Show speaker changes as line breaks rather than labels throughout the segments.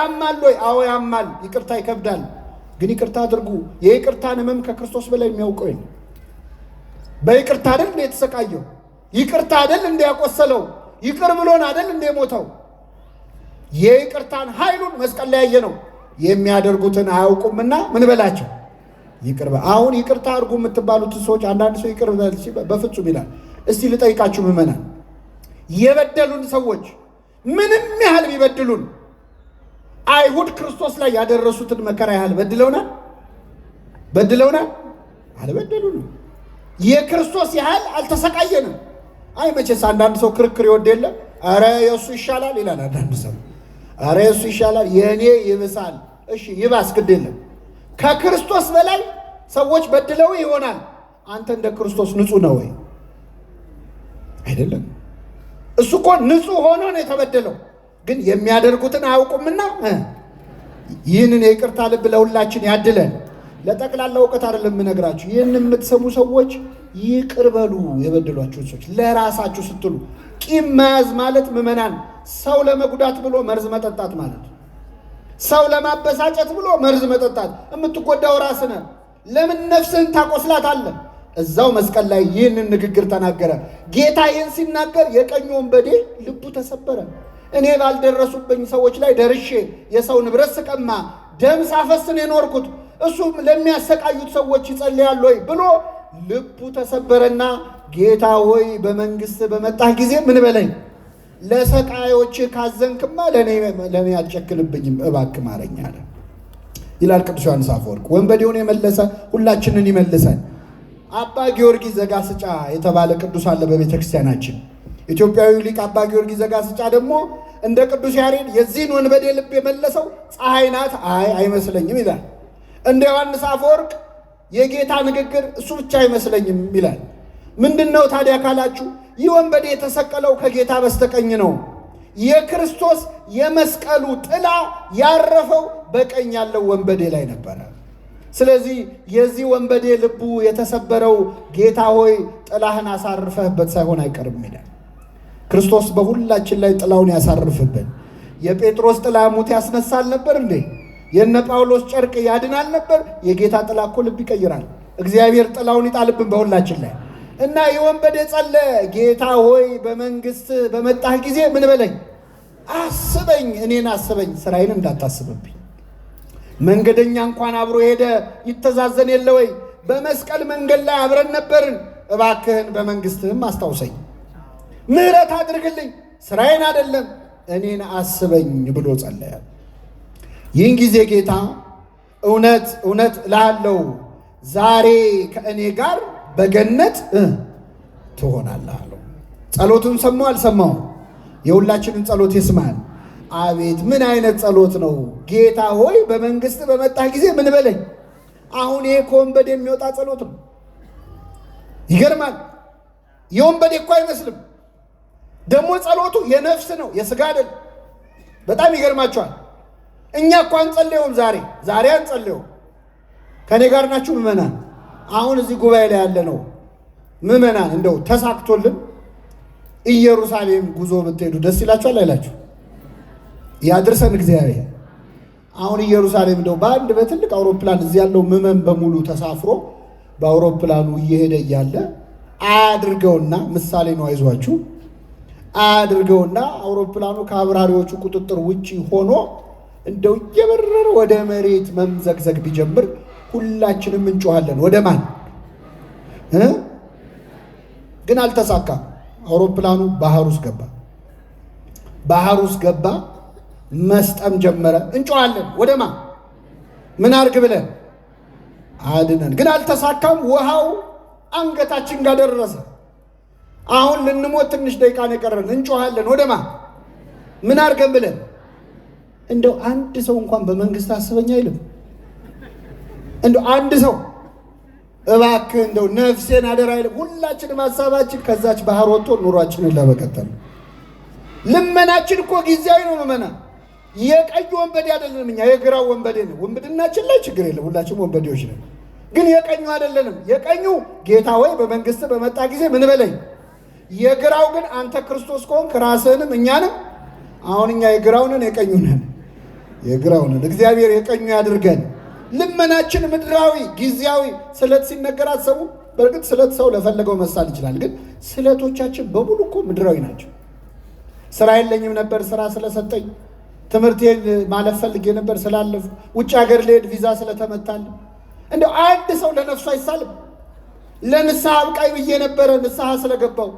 ያማል ወይ? አዎ ያማል። ይቅርታ ይከብዳል፣ ግን ይቅርታ አድርጉ። የይቅርታን ህመም ከክርስቶስ በላይ የሚያውቀው የለም። በይቅርታ አይደል እንደ የተሰቃየው? ይቅርታ አይደል እንደ ያቆሰለው? ይቅር ብሎን አይደል እንደ ሞተው? የይቅርታን ኃይሉን መስቀል ላይ ያየ ነው። የሚያደርጉትን አያውቁምና ምን በላቸው ይቅር አሁን ይቅርታ አድርጉ የምትባሉትን ሰዎች አንዳንድ ሰው ይቅር በፍጹም ይላል። እስቲ ልጠይቃችሁ ምዕመናን፣ የበደሉን ሰዎች ምንም ያህል ቢበድሉን አይሁድ ክርስቶስ ላይ ያደረሱትን መከራ ያህል በድለውናል በድለውናል? አልበደሉንም። የክርስቶስ ያህል አልተሰቃየንም። አይ መቼስ አንዳንድ ሰው ክርክር ይወድ የለ ኧረ የእሱ ይሻላል ይላል። አንዳንድ ሰው ኧረ የእሱ ይሻላል፣ የእኔ ይብሳል። እሺ ይባስ፣ ግድ የለም ከክርስቶስ በላይ ሰዎች በድለው ይሆናል። አንተ እንደ ክርስቶስ ንጹህ ነው ወይ? አይደለም። እሱ እኮ ንጹህ ሆኖ ነው የተበደለው። ግን የሚያደርጉትን አያውቁምና ይህንን የይቅርታ ልብ ለሁላችን ያድለን። ለጠቅላላ እውቀት አይደለም የምነግራችሁ። ይህን የምትሰሙ ሰዎች ይቅር በሉ የበደሏችሁ ሰዎች፣ ለራሳችሁ ስትሉ ቂም መያዝ ማለት ምዕመናን ሰው ለመጉዳት ብሎ መርዝ መጠጣት ማለት ሰው ለማበሳጨት ብሎ መርዝ መጠጣት። የምትጎዳው ራስነ ነህ። ለምን ነፍስህን ታቆስላታለህ? እዛው መስቀል ላይ ይህንን ንግግር ተናገረ ጌታ። ይህን ሲናገር የቀኝ ወንበዴ ልቡ ተሰበረ። እኔ ባልደረሱብኝ ሰዎች ላይ ደርሼ የሰው ንብረት ስቀማ ደም ሳፈስን የኖርኩት እሱም ለሚያሰቃዩት ሰዎች ይጸልያል ወይ ብሎ ልቡ ተሰበረና ጌታ ሆይ በመንግሥት በመጣህ ጊዜ ምን በለኝ ለሰቃዮች ካዘንክማ ለእኔ አልጨክንብኝም እባክ ማረኝ አለ ይላል ቅዱስ ዮሐንስ አፈወርቅ። ወንበዴውን የመለሰ ሁላችንን ይመልሰን። አባ ጊዮርጊስ ዘጋስጫ የተባለ ቅዱስ አለ በቤተ ክርስቲያናችን። ኢትዮጵያዊ ሊቅ አባ ጊዮርጊስ ዘጋስጫ ደግሞ እንደ ቅዱስ ያሬድ የዚህን ወንበዴ ልብ የመለሰው ፀሐይ ናት፣ አይ አይመስለኝም ይላል። እንደ ዮሐንስ አፈወርቅ የጌታ ንግግር እሱ ብቻ አይመስለኝም ይላል። ምንድን ነው ታዲያ ካላችሁ ይህ ወንበዴ የተሰቀለው ከጌታ በስተቀኝ ነው። የክርስቶስ የመስቀሉ ጥላ ያረፈው በቀኝ ያለው ወንበዴ ላይ ነበረ። ስለዚህ የዚህ ወንበዴ ልቡ የተሰበረው ጌታ ሆይ ጥላህን አሳርፈህበት ሳይሆን አይቀርም ይላል። ክርስቶስ በሁላችን ላይ ጥላውን ያሳርፍብን። የጴጥሮስ ጥላ ሙት ያስነሳል ነበር እንዴ? የነ ጳውሎስ ጨርቅ ያድናል ነበር? የጌታ ጥላ እኮ ልብ ይቀይራል። እግዚአብሔር ጥላውን ይጣልብን በሁላችን ላይ እና የወንበዴ ጸለ ጌታ ሆይ በመንግስት በመጣህ ጊዜ ምን በለኝ አስበኝ፣ እኔን አስበኝ፣ ስራዬን እንዳታስብብኝ። መንገደኛ እንኳን አብሮ ሄደ ይተዛዘን የለ ወይ? በመስቀል መንገድ ላይ አብረን ነበርን። እባክህን በመንግስትህም አስታውሰኝ። ምሕረት አድርግልኝ፣ ስራዬን አይደለም እኔን አስበኝ ብሎ ጸለየ። ይህን ጊዜ ጌታ እውነት እውነት እልሃለሁ ዛሬ ከእኔ ጋር በገነት ትሆናለህ አለው። ጸሎቱን ሰማው አልሰማው? የሁላችንን ጸሎት ይስማል። አቤት ምን አይነት ጸሎት ነው! ጌታ ሆይ በመንግስት በመጣህ ጊዜ ምን በለኝ። አሁን ይሄ ከወንበዴ የሚወጣ ጸሎት ነው። ይገርማል። የወንበዴ እኮ አይመስልም። ደግሞ ጸሎቱ የነፍስ ነው፣ የስጋ አይደል። በጣም ይገርማቸዋል። እኛ እኮ አንጸልየውም። ዛሬ ዛሬ አንጸልየውም። ከእኔ ጋር ናችሁ ምእመናን አሁን እዚህ ጉባኤ ላይ ያለ ነው ምዕመናን፣ እንደው ተሳክቶልን ኢየሩሳሌም ጉዞ ብትሄዱ ደስ ይላችኋል አይላችሁ? ያድርሰን እግዚአብሔር። አሁን ኢየሩሳሌም እንደው በአንድ በትልቅ አውሮፕላን እዚህ ያለው ምዕመን በሙሉ ተሳፍሮ በአውሮፕላኑ እየሄደ እያለ አያድርገውና ምሳሌ ነው አይዟችሁ አያድርገውና አውሮፕላኑ ከአብራሪዎቹ ቁጥጥር ውጭ ሆኖ እንደው እየበረረ ወደ መሬት መምዘግዘግ ቢጀምር ሁላችንም እንጮኋለን። ወደ ማን ግን አልተሳካም። አውሮፕላኑ ባህር ውስጥ ገባ። ባህር ውስጥ ገባ፣ መስጠም ጀመረ። እንጮኋለን። ወደ ማን ምን አርግ ብለን አድነን፣ ግን አልተሳካም። ውሃው አንገታችን ጋር ደረሰ። አሁን ልንሞት ትንሽ ደቂቃ ነው የቀረን። እንጮሃለን ወደማ ምን አድርገን ብለን እንደው አንድ ሰው እንኳን በመንግስት አስበኝ አይልም። እንደው አንድ ሰው እባክህ እንደው ነፍሴን አደራ አይልም። ሁላችንም ሀሳባችን ከዛች ባህር ወጥቶ ኑሯችንን ለመቀጠል ልመናችን እኮ ጊዜያዊ ነው። መመና የቀይ ወንበዴ አይደለንም እኛ የግራው ወንበዴ ነው። ወንብድናችን ላይ ችግር የለም፣ ሁላችንም ወንበዴዎች ነን። ግን የቀኙ አይደለንም። የቀኙ ጌታ ወይ በመንግስት በመጣ ጊዜ ምን በለኝ የግራው ግን አንተ ክርስቶስ ከሆንክ ራስህንም እኛንም አሁን እኛ የግራውንን የቀኙንን የግራውንን እግዚአብሔር የቀኙ ያድርገን። ልመናችን ምድራዊ ጊዜያዊ ስለት ሲነገራት ሰው በእርግጥ ስለት ሰው ለፈለገው መሳል ይችላል። ግን ስለቶቻችን በሙሉ እኮ ምድራዊ ናቸው። ስራ የለኝም ነበር ስራ ስለሰጠኝ፣ ትምህርቴን ማለፍ ፈልጌ ነበር ስላለፍ፣ ውጭ ሀገር ልሄድ ቪዛ ስለተመታል። እንደው አንድ ሰው ለነፍሱ አይሳልም። ለንስሐ አብቃይ ብዬ ነበረ ንስሐ ስለገባው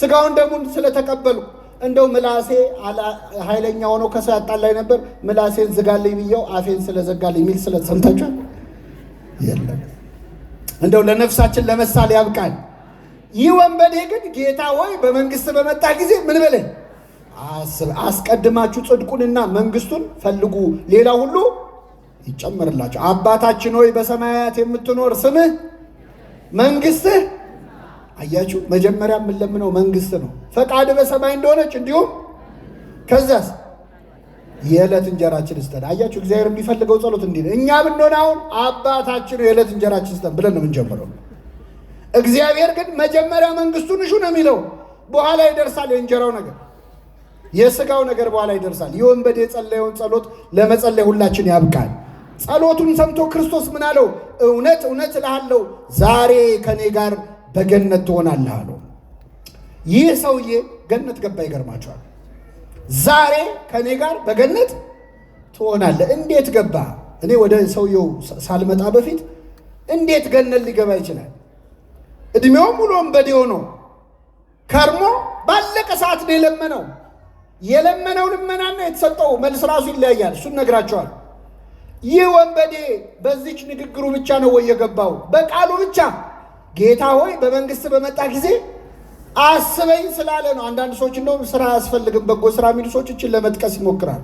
ስጋውን ደሙን ስለተቀበልኩ እንደው ምላሴ ኃይለኛ ሆኖ ከሳጣን ላይ ነበር። ምላሴን ዝጋልኝ ብየው አፌን ስለዘጋልኝ የሚል ስለሰምታችኋል የለም። እንደው ለነፍሳችን ለመሳል ያብቃል። ይህ ወንበዴ ግን ጌታ ወይ በመንግስት በመጣ ጊዜ ምን በለኝ፣ አስቀድማችሁ ጽድቁንና መንግስቱን ፈልጉ፣ ሌላ ሁሉ ይጨመርላችሁ። አባታችን ሆይ በሰማያት የምትኖር ስምህ መንግስትህ አያችሁ፣ መጀመሪያ የምንለምነው መንግስት ነው፣ ፈቃድ በሰማይ እንደሆነች እንዲሁም ከዛስ የዕለት እንጀራችን ስጠን። አያችሁ፣ እግዚአብሔር የሚፈልገው ጸሎት እንዲህ ነው። እኛ ብንሆን አሁን አባታችን የዕለት እንጀራችን ስጠን ብለን ነው የምንጀምረው። እግዚአብሔር ግን መጀመሪያ መንግስቱን እሹ ነው የሚለው። በኋላ ይደርሳል የእንጀራው ነገር የስጋው ነገር በኋላ ይደርሳል። የወንበዴ የጸለየውን ጸሎት ለመጸለይ ሁላችን ያብቃል። ጸሎቱን ሰምቶ ክርስቶስ ምን አለው? እውነት እውነት እልሃለሁ ዛሬ ከእኔ ጋር በገነት ትሆናለህ አሉ። ይህ ሰውዬ ገነት ገባ። ይገርማቸዋል። ዛሬ ከእኔ ጋር በገነት ትሆናለህ። እንዴት ገባ? እኔ ወደ ሰውየው ሳልመጣ በፊት እንዴት ገነት ሊገባ ይችላል? እድሜው ሙሉ ወንበዴ ሆኖ ከርሞ ባለቀ ሰዓት ነው የለመነው። የለመነው ልመናና የተሰጠው መልስ ራሱ ይለያያል። እሱን ነግራቸዋል። ይህ ወንበዴ በዚች ንግግሩ ብቻ ነው ወይ የገባው? በቃሉ ብቻ ጌታ ሆይ በመንግስት በመጣ ጊዜ አስበኝ ስላለ ነው። አንዳንድ ሰዎች እንደውም ስራ አያስፈልግም በጎ ስራ የሚሉ ሰዎች እችን ለመጥቀስ ይሞክራል።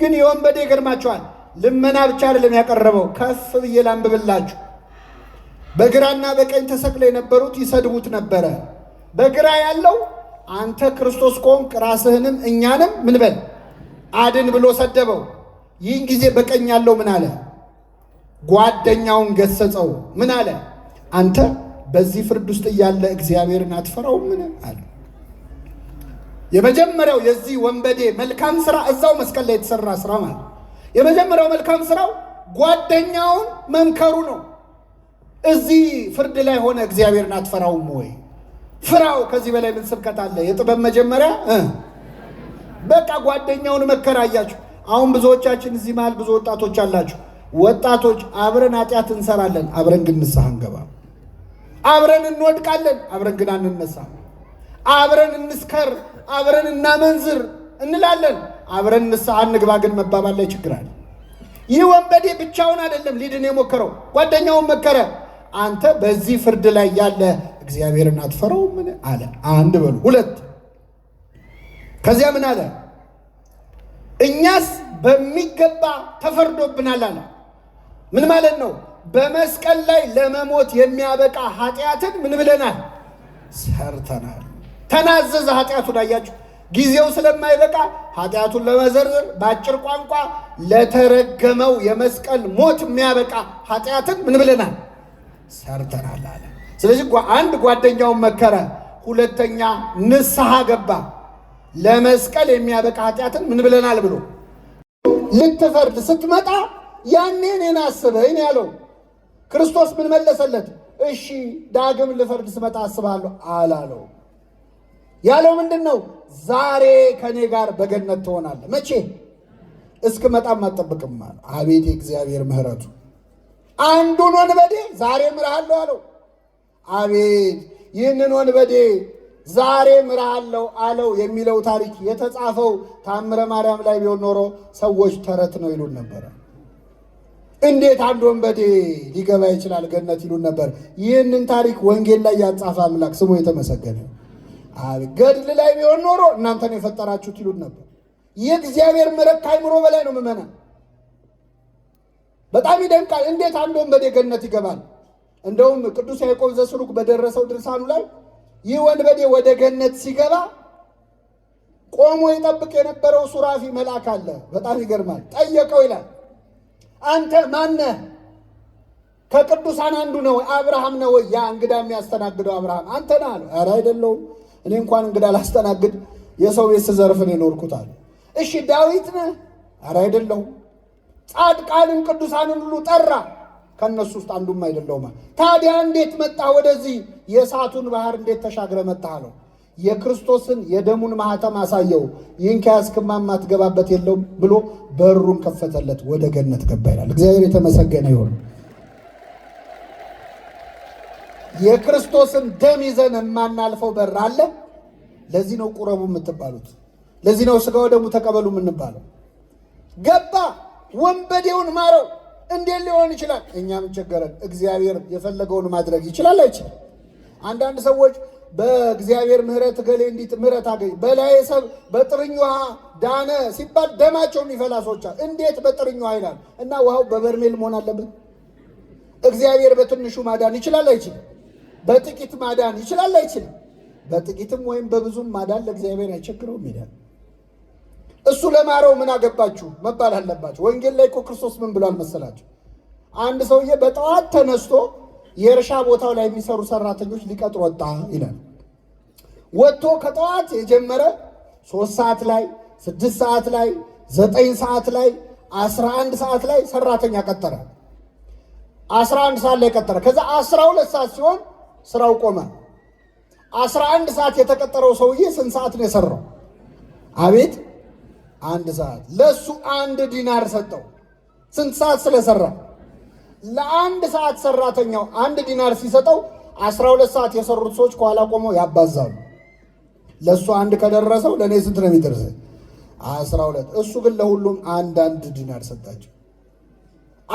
ግን የወንበዴ ይገርማቸዋል። ልመና ብቻ አይደለም ያቀረበው። ከፍ ብዬ ላንብብላችሁ። በግራና በቀኝ ተሰቅለው የነበሩት ይሰድቡት ነበረ። በግራ ያለው አንተ ክርስቶስ ከሆንክ ራስህንም እኛንም ምን በል አድን ብሎ ሰደበው። ይህን ጊዜ በቀኝ ያለው ምን አለ? ጓደኛውን ገሰጸው። ምን አለ? አንተ በዚህ ፍርድ ውስጥ እያለ እግዚአብሔርን አትፈራውምን አለ። የመጀመሪያው የዚህ ወንበዴ መልካም ስራ እዛው መስቀል ላይ የተሰራ ስራ ማለት የመጀመሪያው መልካም ስራው ጓደኛውን መምከሩ ነው። እዚህ ፍርድ ላይ ሆነ እግዚአብሔርን አትፈራውም ወይ? ፍራው። ከዚህ በላይ ምን ስብከት አለ? የጥበብ መጀመሪያ በቃ ጓደኛውን መከራያችሁ። አሁን ብዙዎቻችን እዚህ መሃል ብዙ ወጣቶች አላችሁ። ወጣቶች አብረን ኃጢአት እንሰራለን፣ አብረን ግን ንስሐ አንገባም። አብረን እንወድቃለን፣ አብረን ግን አንነሳ። አብረን እንስከር፣ አብረን እናመንዝር እንላለን፣ አብረን ንስሐ እንግባ ግን መባባል ላይ ችግር አለ። ይህ ወንበዴ ብቻውን አይደለም ሊድን የሞከረው፣ ጓደኛውን መከረ። አንተ በዚህ ፍርድ ላይ ያለ እግዚአብሔርን አትፈራው? ምን አለ? አንድ በሉ ሁለት። ከዚያ ምን አለ? እኛስ በሚገባ ተፈርዶብናል አለ። ምን ማለት ነው? በመስቀል ላይ ለመሞት የሚያበቃ ኃጢአትን ምን ብለናል? ሰርተናል። ተናዘዘ ኃጢአቱን። አያችሁ፣ ጊዜው ስለማይበቃ ኃጢአቱን ለመዘርዘር በአጭር ቋንቋ ለተረገመው የመስቀል ሞት የሚያበቃ ኃጢአትን ምን ብለናል? ሰርተናል አለ። ስለዚህ አንድ ጓደኛውን መከረ፣ ሁለተኛ ንስሐ ገባ። ለመስቀል የሚያበቃ ኃጢአትን ምን ብለናል ብሎ ልትፈርድ ስትመጣ ያኔ እኔን አስበኝ ያለው ክርስቶስ ምን መለሰለት? እሺ ዳግም ልፈርድ ስመጣ አስባለሁ አላለው። ያለው ምንድን ነው? ዛሬ ከእኔ ጋር በገነት ትሆናለህ። መቼ? እስክመጣም አጠብቅም አለ። አቤት የእግዚአብሔር ምሕረቱ! አንዱን ወንበዴ ዛሬ ምርሃለሁ አለው። አቤት ይህንን ወንበዴ ዛሬ ምርሃለሁ አለው የሚለው ታሪክ የተጻፈው ታምረ ማርያም ላይ ቢሆን ኖሮ ሰዎች ተረት ነው ይሉን ነበረ። እንዴት አንድ ወንበዴ ሊገባ ይችላል ገነት ይሉን ነበር። ይህንን ታሪክ ወንጌል ላይ ያጻፈ አምላክ ስሙ የተመሰገነ ገድል ላይ ቢሆን ኖሮ እናንተን የፈጠራችሁት ይሉን ነበር። ይህ እግዚአብሔር ምሕረት ከአእምሮ በላይ ነው። ምመና በጣም ይደንቃል። እንዴት አንድ ወንበዴ ገነት ይገባል? እንደውም ቅዱስ ያዕቆብ ዘስሩግ በደረሰው ድርሳኑ ላይ ይህ ወንበዴ ወደ ገነት ሲገባ ቆሞ ይጠብቅ የነበረው ሱራፊ መልአክ አለ። በጣም ይገርማል። ጠየቀው ይላል አንተ ማነህ? ከቅዱሳን አንዱ ነው አብርሃም ነው ወይ? ያ እንግዳ የሚያስተናግደው አብርሃም አንተ ነህ አለ። ኧረ አይደለሁም፣ እኔ እንኳን እንግዳ ላስተናግድ የሰው ቤት ስዘርፍን ይኖርኩታል። እሺ ዳዊት ነህ? ኧረ አይደለሁም። ጻድቃንን ቅዱሳንን ሁሉ ጠራ፣ ከእነሱ ውስጥ አንዱም አይደለሁም። ታዲያ እንዴት መጣ ወደዚህ? የእሳቱን ባህር እንዴት ተሻግረ መጣ አለው። የክርስቶስን የደሙን ማህተም አሳየው። ይህን ከያዝክማ ማትገባበት የለውም ብሎ በሩን ከፈተለት፣ ወደ ገነት ገባ ይላል። እግዚአብሔር የተመሰገነ ይሆን። የክርስቶስን ደም ይዘን የማናልፈው በር አለ። ለዚህ ነው ቁረቡ የምትባሉት። ለዚህ ነው ስጋው ደሙ ተቀበሉ የምንባለው። ገባ ወንበዴውን ማረው። እንዴት ሊሆን ይችላል? እኛም ቸገረን። እግዚአብሔር የፈለገውን ማድረግ ይችላል አይችልም? አንዳንድ ሰዎች በእግዚአብሔር ምሕረት ገሌ እንዲት ምሕረት አገኝ በላይ ሰብ በጥርኝ ውሃ ዳነ ሲባል ደማቸው የሚፈላ ሰዎች እንዴት በጥርኝ ውሃ ይላል? እና ውሃው በበርሜል መሆን አለበት። እግዚአብሔር በትንሹ ማዳን ይችላል አይችልም? በጥቂት ማዳን ይችላል አይችልም? በጥቂትም ወይም በብዙም ማዳን ለእግዚአብሔር አይቸግረውም ይላል። እሱ ለማረው ምን አገባችሁ መባል አለባችሁ። ወንጌል ላይ እኮ ክርስቶስ ምን ብሏል መሰላችሁ? አንድ ሰውዬ በጠዋት ተነስቶ የእርሻ ቦታው ላይ የሚሰሩ ሰራተኞች ሊቀጥር ወጣ ይላል። ወጥቶ ከጠዋት የጀመረ ሶስት ሰዓት ላይ ስድስት ሰዓት ላይ ዘጠኝ ሰዓት ላይ አስራ አንድ ሰዓት ላይ ሰራተኛ ቀጠረ። አስራ አንድ ሰዓት ላይ ቀጠረ። ከዛ አስራ ሁለት ሰዓት ሲሆን ስራው ቆመ። አስራ አንድ ሰዓት የተቀጠረው ሰውዬ ስንት ሰዓት ነው የሰራው? አቤት አንድ ሰዓት። ለሱ አንድ ዲናር ሰጠው። ስንት ሰዓት ስለሰራ ለአንድ ሰዓት ሰራተኛው አንድ ዲናር ሲሰጠው 12 ሰዓት የሰሩት ሰዎች ከኋላ ቆመው ያባዛሉ። ለእሱ አንድ ከደረሰው ለእኔ ስንት ነው የሚደርሰኝ? 12 እሱ ግን ለሁሉም አንድ አንድ ዲናር ሰጣቸው።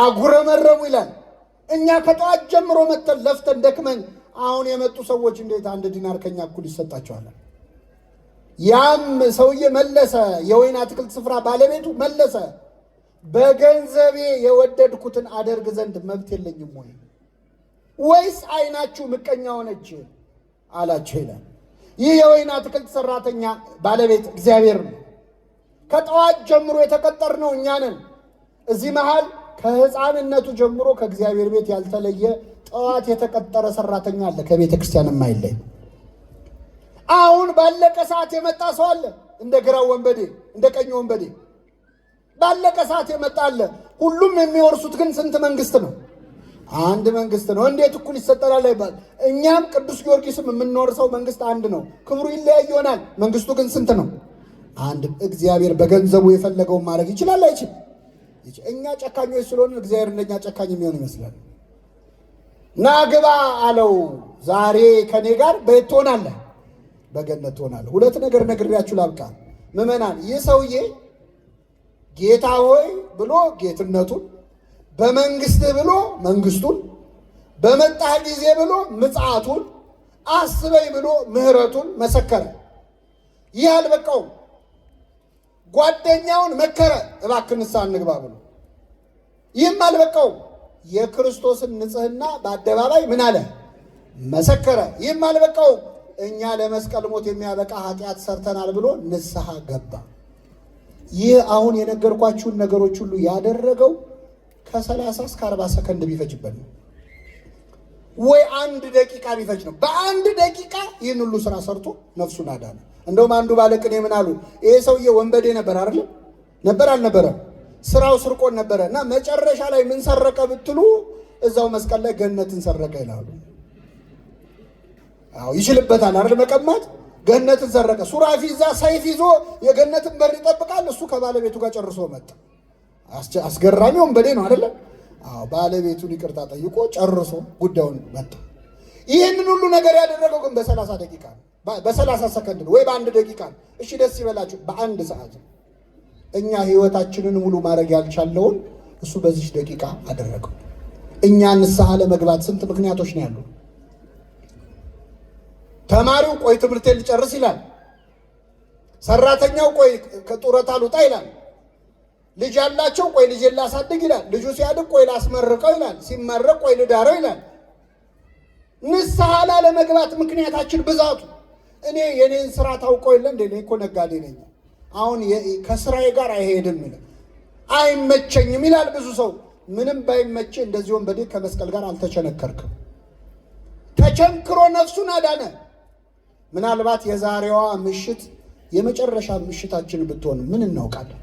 አጉረመረሙ
ይላል። እኛ ከጠዋት ጀምሮ መተን ለፍተን ደክመን አሁን የመጡ ሰዎች እንዴት አንድ ዲናር ከኛ እኩል ይሰጣቸዋል? ያም ሰውዬ መለሰ፣ የወይን አትክልት ስፍራ ባለቤቱ መለሰ በገንዘቤ የወደድኩትን አደርግ ዘንድ መብት የለኝም ወይ? ወይስ አይናችሁ ምቀኛ ሆነች አላቸው ይላል። ይህ የወይን አትክልት ሰራተኛ ባለቤት እግዚአብሔር ነው። ከጠዋት ጀምሮ የተቀጠርነው እኛ ነን። እዚህ መሃል ከህፃንነቱ ጀምሮ ከእግዚአብሔር ቤት ያልተለየ ጠዋት የተቀጠረ ሰራተኛ አለ። ከቤተ ክርስቲያን የማይለይ አሁን ባለቀ ሰዓት የመጣ ሰው አለ። እንደ ግራው ወንበዴ፣ እንደ ቀኝ ወንበዴ ባለቀ ሰዓት የመጣለ ሁሉም የሚወርሱት ግን ስንት መንግስት ነው? አንድ መንግስት ነው። እንዴት እኩል ይሰጠናል አይባል። እኛም ቅዱስ ጊዮርጊስም የምንወርሰው መንግስት አንድ ነው። ክብሩ ይለያይ ይሆናል፣ መንግስቱ ግን ስንት ነው? አንድ። እግዚአብሔር በገንዘቡ የፈለገውን ማድረግ ይችላል አይችል? እኛ ጨካኞች ስለሆነ እግዚአብሔር እንደኛ ጨካኝ የሚሆን ይመስላል። ና ግባ አለው። ዛሬ ከኔ ጋር በየት ትሆናለህ? በገነት ትሆናለህ። ሁለት ነገር ነግሬያችሁ ላብቃ ምዕመናን። ይህ ሰውዬ ጌታ ሆይ ብሎ ጌትነቱን፣ በመንግስት ብሎ መንግስቱን፣ በመጣ ጊዜ ብሎ ምጽአቱን፣ አስበኝ ብሎ ምህረቱን መሰከረ። ይህ አልበቃውም። ጓደኛውን መከረ፣ እባክህ ንስሐ እንግባ ብሎ። ይህም አልበቃውም። የክርስቶስን ንጽህና በአደባባይ ምን አለ? መሰከረ። ይህም አልበቃውም። እኛ ለመስቀል ሞት የሚያበቃ ኃጢአት ሰርተናል ብሎ ንስሐ ገባ። ይህ አሁን የነገርኳችሁን ነገሮች ሁሉ ያደረገው ከ30 እስከ 40 ሰከንድ ቢፈጅበት ነው ወይ አንድ ደቂቃ ቢፈጅ ነው። በአንድ ደቂቃ ይህን ሁሉ ስራ ሰርቶ ነፍሱን አዳነ። እንደውም አንዱ ባለቅኔ ምን አሉ፣ ይሄ ሰውዬ ወንበዴ ነበር አይደል? ነበር አልነበረም? ስራው ስርቆን ነበረ እና መጨረሻ ላይ ምን ሰረቀ ብትሉ እዛው መስቀል ላይ ገነትን ሰረቀ ይላሉ። ይችልበታል አይደል? መቀማት ገነትን ዘረቀ። ሱራፊ እዛ ሰይፍ ይዞ የገነትን በር ይጠብቃል። እሱ ከባለቤቱ ጋር ጨርሶ መጣ። አስገራሚ ወንበዴ ነው አይደለም? አዎ፣ ባለቤቱን ይቅርታ ጠይቆ ጨርሶ ጉዳዩን መጣ። ይህንን ሁሉ ነገር ያደረገው ግን በሰላሳ ደቂቃ በሰላሳ ሰከንድ ወይ በአንድ ደቂቃ እሺ ደስ ይበላችሁ፣ በአንድ ሰዓት እኛ ህይወታችንን ሙሉ ማድረግ ያልቻለውን እሱ በዚች ደቂቃ አደረገው። እኛ ንስሐ ለመግባት ስንት ምክንያቶች ነው ያሉ ተማሪው ቆይ ትምህርቴን ልጨርስ ይላል። ሰራተኛው ቆይ ከጡረታ ልውጣ ይላል። ልጅ ያላቸው ቆይ ልጅ ላሳድግ ይላል። ልጁ ሲያድግ ቆይ ላስመርቀው ይላል። ሲመረቅ ቆይ ልዳረው ይላል። ንስሐ ላለመግባት ምክንያታችን ብዛቱ። እኔ የኔን ስራ ታውቀው የለ እንደ እኮ ነጋዴ ነኝ፣ አሁን ከስራዬ ጋር አይሄድም ይላል፣ አይመቸኝም ይላል። ብዙ ሰው ምንም ባይመቼ እንደዚህ ወንበዴ ከመስቀል ጋር አልተቸነከርክም። ተቸንክሮ ነፍሱን አዳነ። ምናልባት የዛሬዋ ምሽት የመጨረሻ ምሽታችን ብትሆን ምን እናውቃለን?